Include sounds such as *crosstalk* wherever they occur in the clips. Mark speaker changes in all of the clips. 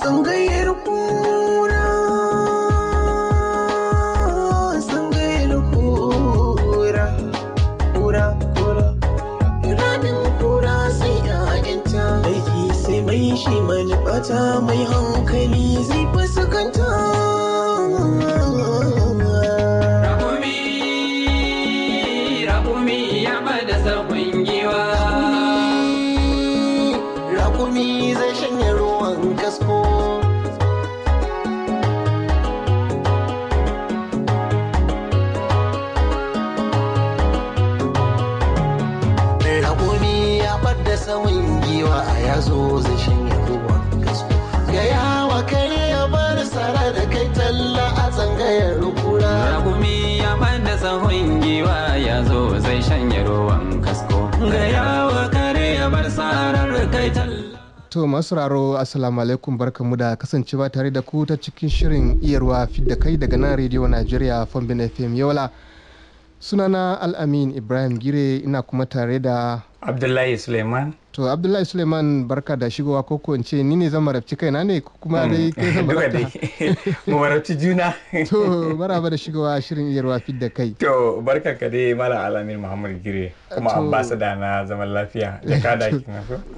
Speaker 1: sangayar kura tsangayar kura kura kura kura sai ya yanta aiki sai mai shi manufata mai hankali zai
Speaker 2: zo zai shanye ruwan gasko
Speaker 1: ga yawa kai ya bar sara da kai talla a tsangayar
Speaker 2: kura ragumi ya bada sahun giwa ya zo zai shanye ruwan kasko ga yawa kare ya bar sara da kai talla
Speaker 1: To masu raro assalamu alaikum barkamu da kasancewa tare da ku ta cikin shirin iyarwa fit da kai daga nan rediyo Najeriya Fombin FM Yola. Sunana Al'amin Ibrahim Gire ina kuma tare da
Speaker 2: Abdullahi Suleiman.
Speaker 1: to abdullahi suleiman barka da shigowa ko ko ce ni ne zan marabci kaina ne kuma mm. dai kai zan *laughs* marabta
Speaker 2: *laughs* mu marabci juna *laughs* to
Speaker 1: maraba da shigowa shirin ruwa fit da kai
Speaker 2: to barka ka dai mala alamin muhammad gire kuma da na zaman lafiya da kada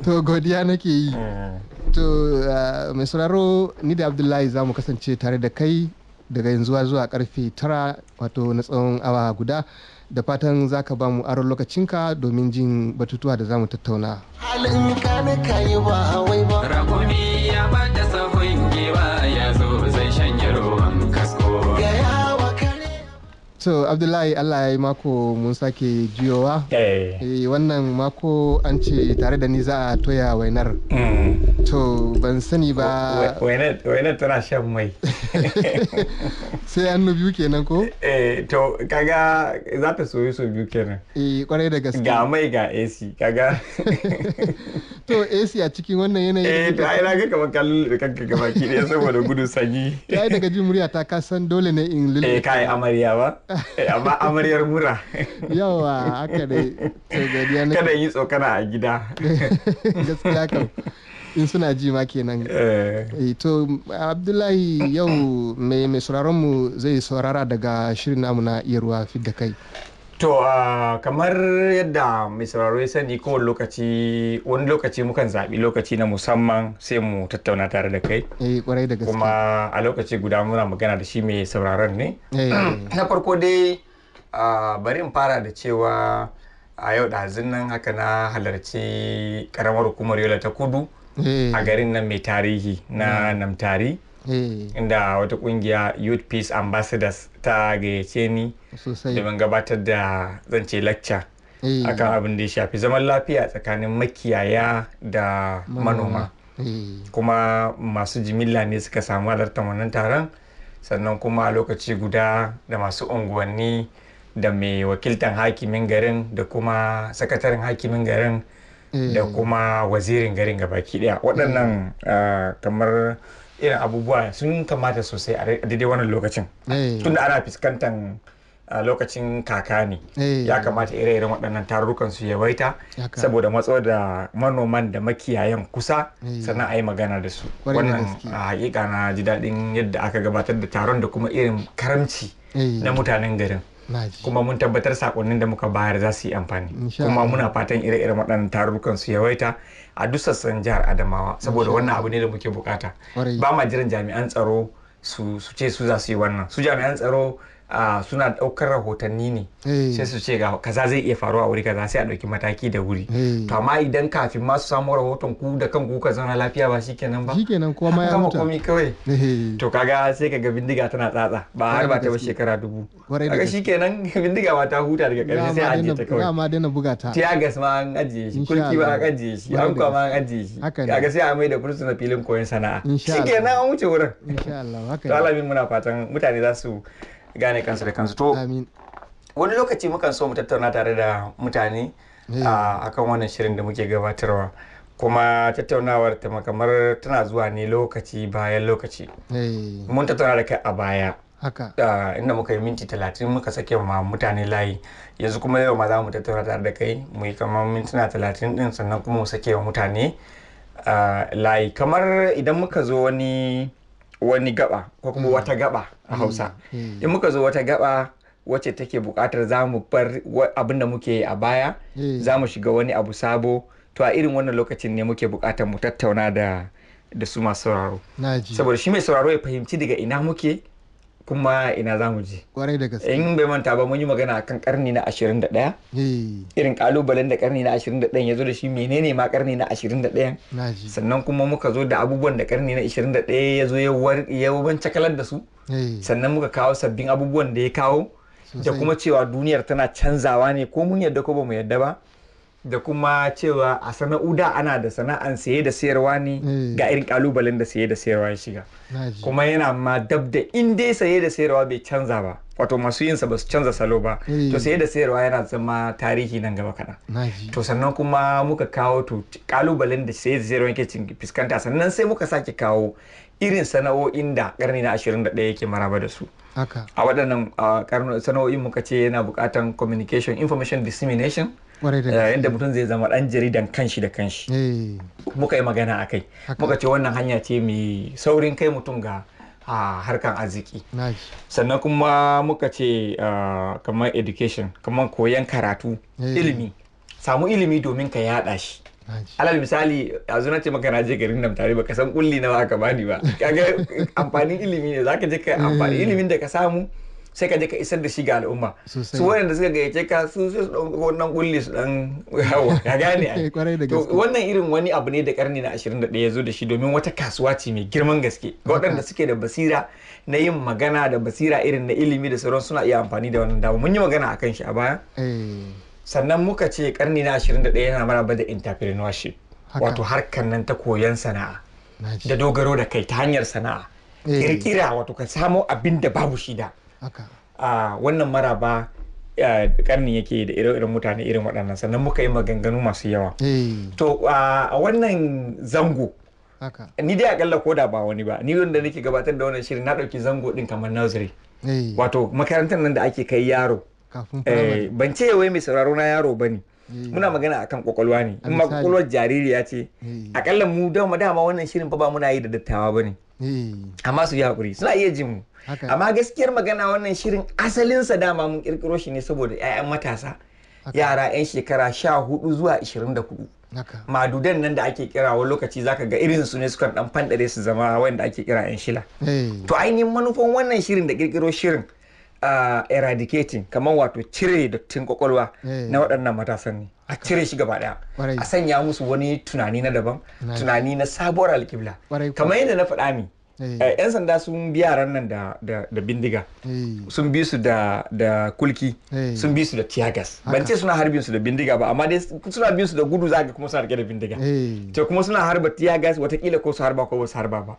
Speaker 1: to godiya nake yi mm. to ah, mai sauraro ni da abdullahi za mu kasance tare da kai daga yanzu zuwa karfe tara wato na tsawon awa guda da fatan za ka ba mu aron lokacinka domin jin batutuwa da za mu tattauna. Halin ka yi ba wai ba. to abdullahi allah ya yi mako mun sake jiyowa eh. Eh, wannan mako an ce tare da ni za a toya wainar mm. to ban sani ba wainar
Speaker 2: tana shan mai
Speaker 1: *laughs* sai an biyu
Speaker 2: kenan ko eh to kaga za ta soyu so biyu kenan eh kwarai da gaske ga mai ga ac kaga
Speaker 1: *laughs* to ac a cikin wannan yanayi eh to ai na
Speaker 2: ga kamar kallon da kanka gaba ki saboda gudun sanyi
Speaker 1: kai *laughs* daga jin murya ta kasan dole ne in lulluɓe eh
Speaker 2: kai amarya ba Eh, amma amaryar mura
Speaker 1: *laughs* yawa haka ne
Speaker 2: kada yi tsokana a gida
Speaker 1: *laughs* gaskiya kam in suna ji ma kenan eh. Eh, to abdullahi yau mai sauraron mu zai saurara daga shirin namu iya ruwa fi fidda kai
Speaker 2: To ah, kamar yadda mai sauraro ya sani kowane lokaci wani lokaci mukan zaɓi lokaci na musamman sai mu tattauna tare da kai. Eh, Kuma a lokaci guda muna magana da shi mai sauraron ne. Eh. Na farko dai ah, bari in fara da cewa a yau ɗazin nan haka na halarci karamar hukumar Yola ta Kudu eh. a garin nan mai tarihi na Namtari. Eh. inda wata kungiya youth peace ambassadors ta gayyace ni domin gabatar da zance lecture eh. akan abin da ya shafi zaman lafiya tsakanin makiyaya da manoma eh. kuma masu jimilla ne suka samu halartar wannan taron sannan kuma a lokaci guda da masu unguwanni da mai wakiltan hakimin garin da kuma sakataren hakimin garin da kuma wazirin garin gabaki daya waɗannan ah, kamar irin abubuwa sun kamata sosai a daidai wannan lokacin eh. tunda ana fuskantar ah, lokacin kaka ne eh. ya kamata ire-iren waɗannan tarurrukan su yawaita saboda matso da manoman da makiyayan kusa eh. sannan a yi magana da su wannan a ah, hakika na ji daɗin yadda aka gabatar da taron da kuma irin karamci na mutanen garin kuma mun tabbatar sakonnin da muka bayar za su yi amfani kuma muna fatan ire-iren waɗannan tarurrukan su yawaita a duk sassan jihar adamawa saboda wannan abu ne da muke bukata ba ma jiran jami'an tsaro su ce su za su yi wannan su jami'an tsaro suna daukar rahotanni ne eh. sai su ce ga kaza zai iya faruwa wuri kaza sai a dauki mataki da wuri eh. to amma idan kafin ma su samu rahoton ku da kan ku ka zauna lafiya ba shikenan ba shikenan ko ma ya huta komai kawai eh. to kaga sai kaga bindiga tana tsatsa ba har ba ta ba shekara dubu kaga shikenan *laughs* bindiga ma ta huta daga karshe sai a ajiye ta kawai
Speaker 1: amma dana buga ta tiya gas
Speaker 2: ma an ajiye shi kulki ba an ajiye shi an ma an ajiye shi kaga sai a mai da na filin koyon sana'a shikenan an wuce wurin insha Allah haka to Allah muna fatan mutane za su gane kansu da kansu to wani lokaci mukan so mu tattauna tare da mutane eh. a kan wannan shirin da muke gabatarwa kuma tattaunawar ta kamar tana zuwa ne lokaci bayan lokaci
Speaker 1: eh. mun
Speaker 2: tattauna da kai a baya haka inda muka yi minti talatin muka sake ma mutane layi yanzu kuma yau ma za mu tattauna tare da kai mu yi kamar mintuna talatin din sannan kuma mu sake wa mutane layi kamar idan muka zo wani wani gaba ko kuma hmm. wata gaba a hmm. hausa hmm. in muka zo wata gaba wacce take bukatar za mu bar abin da muke a baya za mu shiga wani abu sabo to a irin wannan lokacin ne muke bukatar mu tattauna da da su masu sauraro saboda shi mai sauraro ya fahimci daga ina muke kuma ina za mu je. Kwarai da gaske. In bai manta ba mun yi magana akan karni na 21. Irin kalubalen da karni na 21 ya zo da shi menene ma karni na 21. Sannan kuma muka zo da abubuwan da karni na 21 ya zo ya wancan da su. Sannan muka kawo sabbin abubuwan da ya kawo. Da kuma cewa duniyar tana canzawa ne ko mun yadda ko ba mu yadda ba. da kuma cewa a sana'u da ana da sana'an saye da sayarwa ne eh. ga irin kalubalen da saye da sayarwa ya shiga kuma yana ma dab da in dai saye da sayarwa bai canza ba wato masu yin sa ba su canza salo ba to eh. saye da sayarwa yana zama tarihi nan gaba kaɗan to sannan kuma muka kawo to kalubalen da saye da sayarwa yake fuskanta sannan sai muka sake kawo irin sana'o'in da karni na 21 yake maraba da su a waɗannan sana'o'in muka ce yana buƙatan communication information dissemination
Speaker 1: yayin
Speaker 2: da mutum zai zama dan jaridan kanshi da kanshi eh. muka yi magana a kai muka ce wannan hanya ce mai saurin kai mutum ga harkar harkan arziki sannan kuma muka ce kamar education kamar koyon karatu eh. ilimi samu ilimi domin ka yada shi alal misali a zuna ce maka je garin nan tare baka san kulli na ba ka bani ba kaga amfanin ilimi ne zaka je ka amfani eh. ilimin da ka samu sai ka je ka isar da shi ga al'umma su waɗanda suka gayyace ka su su wannan kulli su ɗan yawo ya gane *laughs* eh, to wannan irin wani abu ne da karni na 21 ya zo da shi domin wata kasuwa ce mai girman gaske ga waɗanda suke da basira na yin magana da basira irin na ilimi da sauran suna iya amfani da wannan dama mun yi magana akan shi a baya eh. sannan muka ce karni na 21 yana maraba da entrepreneurship wato harkar nan ta koyon sana'a da dogaro da kai ta hanyar sana'a kirkira eh. wato ka samo abin da babu shida. a wannan maraba karni yake da irin mutane irin waɗannan sannan muka yi maganganu masu yawa eh. to a wannan zango ni dai akalla ko da ba wani ba ni wanda nake gabatar da wannan shirin na ɗauki zango ɗin kamar nazari. Eh. wato makarantar nan da ake kai yaro eh, ban ce wai mai sauraro na yaro ba ne muna magana akan kwakwalwa ne in ma kwakwalwar jaririya ce akalla mu dama dama wannan shirin fa ba muna yi da dattawa ba ne Eh. amma su yi hakuri suna iya jin mu amma gaskiyar magana wannan shirin asalinsa dama mun kirkiro shi ne saboda 'ya'yan matasa yara 'yan shekara sha hudu zuwa ashirin da hudu madudan nan da ake kira wani lokaci zaka ga irin su ne sukan dan fanɗare su zama wanda ake kira 'yan shila eh. to ainihin manufan wannan shirin da kirkiro shirin uh, eradicating kamar wato cire dattin kwakwalwa yeah. na waɗannan matasan ne a cire shi gaba ɗaya a sanya musu wani tunani na daban tunani na sabuwar alƙibla kamar yadda na faɗa mi Eh. Eh, 'yan sanda sun bi yaran nan da bindiga eh. sun bi su da kulki sun bi su da tiyagas ban ce suna harbin su da bindiga ba amma dai suna bi su da gudu za kuma suna rike da bindiga to kuma suna harba tiyagas watakila ko su harba ko ba su harba ba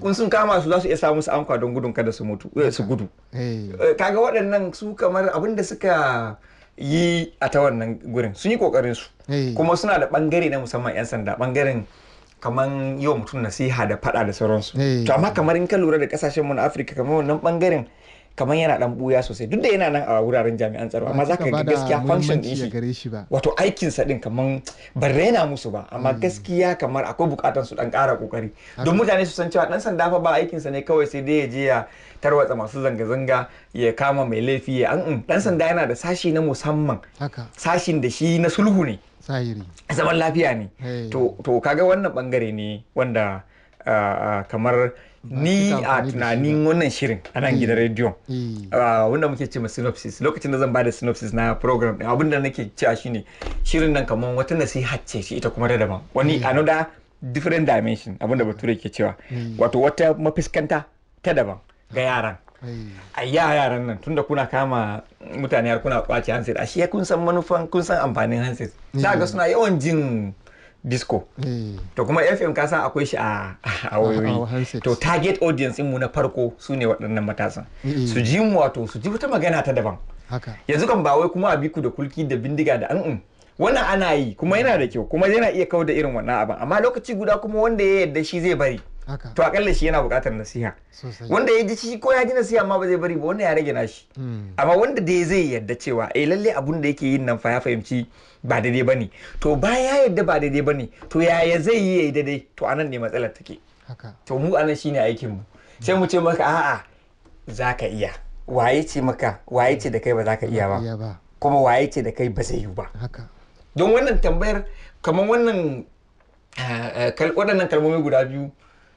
Speaker 2: kun sun kama su za su iya samu su amka don gudun kada su mutu su gudu kaga waɗannan su kamar abin da suka yi a ta wannan gurin sun yi kokarin su kuma suna da bangare na musamman 'yan sanda bangaren kaman yi wa mutum nasiha da faɗa da sauransu eh. to amma kamar in ka lura da kasashen mu na afirka kamar wannan bangaren kamar yana dan buya sosai duk da yana nan a wuraren jami'an tsaro amma zaka ga gaskiya function din shi wato aikin sa din kamar ban raina musu ba amma hmm. gaskiya kamar akwai bukatan su dan kara kokari don mutane su san cewa dan sanda fa ba aikin sa ne kawai sai dai ya je ya tarwatsa masu zanga zanga ya kama mai laifi ya an dan mm, sanda yana da sashi na musamman sashin da shi na sulhu ne zaman lafiya ne to kaga wannan bangare ne wanda ah, ah, kamar ni a tunanin wannan shirin a nan gidan rediyon eh. wanda muke ce ma synopsis lokacin da zan da synopsis na program din abinda nake cewa shine shirin nan kamar wata nasiha ce shi ita kuma da daban wani eh. anoda different dimension abinda bature ke cewa eh. wato wata mafiskanta ta daban ga yaran a ya yaran nan tunda kuna kama mutane har kuna kwace handset ya kun san manufan kun san amfanin handset za ga suna yawan jin disco mm. to kuma fm ka san akwai shi a wayoyi to target audience mu na farko su ne waɗannan matasan mm. su ji mu wato su ji wata magana ta daban yanzu kan ba wai kuma a biku da kulki da bindiga da an'un wannan ana yi kuma yana da kyau kuma yana iya kawo da irin wannan abin amma lokaci guda kuma wanda ya yarda shi zai bari to a akalla shi yana buƙatar nasiha wanda ya ji shi ko ya ji nasiha amma ba zai bari ba wanda ya rage nashi hmm. amma wanda dai zai yarda cewa eh lalle abun da yake yin nan fa ya fahimci ba daidai bane to baya ya yarda ba daidai bane to yaya zai yi yayi daidai to anan ne matsalar take to mu anan shine aikin mu sai mu ce maka a'a zaka iya waye ce maka waye ce da kai ba zaka iya ba kuma waye ce da kai ba zai yi ba don wannan tambayar kamar wannan eh, eh, waɗannan kalmomi guda biyu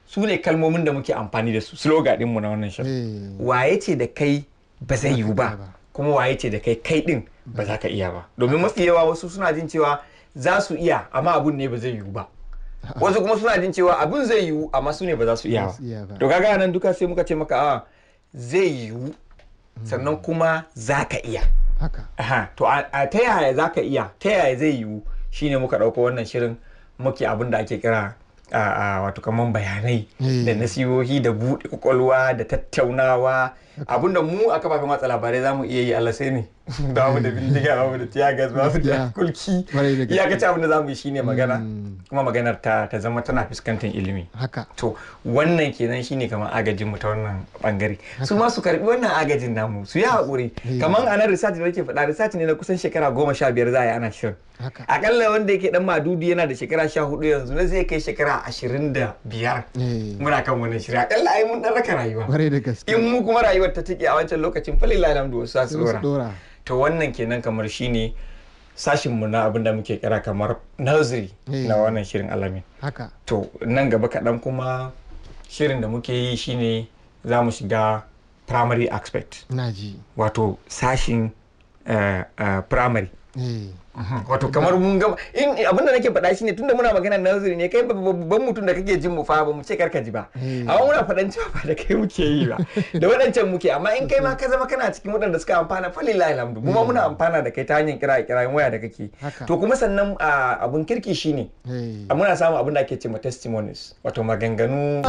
Speaker 2: su ne kalmomin da muke amfani da su din mu na wannan shirin eh. waye ce da kai ba zai yiwu ba kuma waye ce da kai kai din ba za ka iya ba domin mafi yawa wasu suna jin cewa za su iya amma abun ne ba zai yiwu ba *laughs* wasu kuma suna jin cewa abun zai yiwu amma su ne ba za su iya ba to kaga nan duka sai muka ce maka a ah, zai yiwu sannan hmm. kuma za ka iya haka to a ta yaya za ka iya ta yaya zai yiwu shine muka ɗauko wannan shirin muke abin da ake kira wato kamar bayanai eh. da nasihohi da buɗe ƙwaƙwalwa da tattaunawa abinda mu a kafafen watsa labarai za mu iya yi Allah sai ne ba *laughs* mu da bindiga ba mu da tiyagas ba mu da kulki iyakaci abinda za mu yi shine magana hmm. kuma maganar ta ta zama tana fuskantar ilimi haka to wannan kenan shine kamar agajin mu ta wannan bangare su ma su karbi wannan agajin namu su yi hakuri kamar ana research da nake faɗa research ne na kusan shekara goma sha biyar za a yi ana shirin akalla wanda yake dan madudu yana da shekara sha hudu yanzu na zai kai shekara ashirin da biyar muna kan wannan shirin akalla ai mun dan raka rayuwa in mu kuma rayuwa rayuwar ta take a wancan lokacin falilla da mu sa dora to wannan kenan kamar shine sashin mu na abin da muke kira kamar nursery eh. na wannan shirin alamin haka to nan gaba kaɗan kuma shirin da muke yi shine za mu shiga primary aspect wato sashin eh, eh, primary Eh. wato kamar mun gama in abin da nake faɗa shine tunda muna magana nazari ne kai babban mutum da kake jin mu fa ba mu ce kar ka ji ba eh. amma muna faɗan cewa ba da kai muke yi ba da waɗancan muke amma in kai ma ka zama kana cikin waɗanda suka amfana fa lillahi alhamdu mu ma muna eh. amfana da kai ta hanyar kira waya da kake to kuma sannan abun kirki shine muna samun abin da ake ce ma testimonies wato maganganu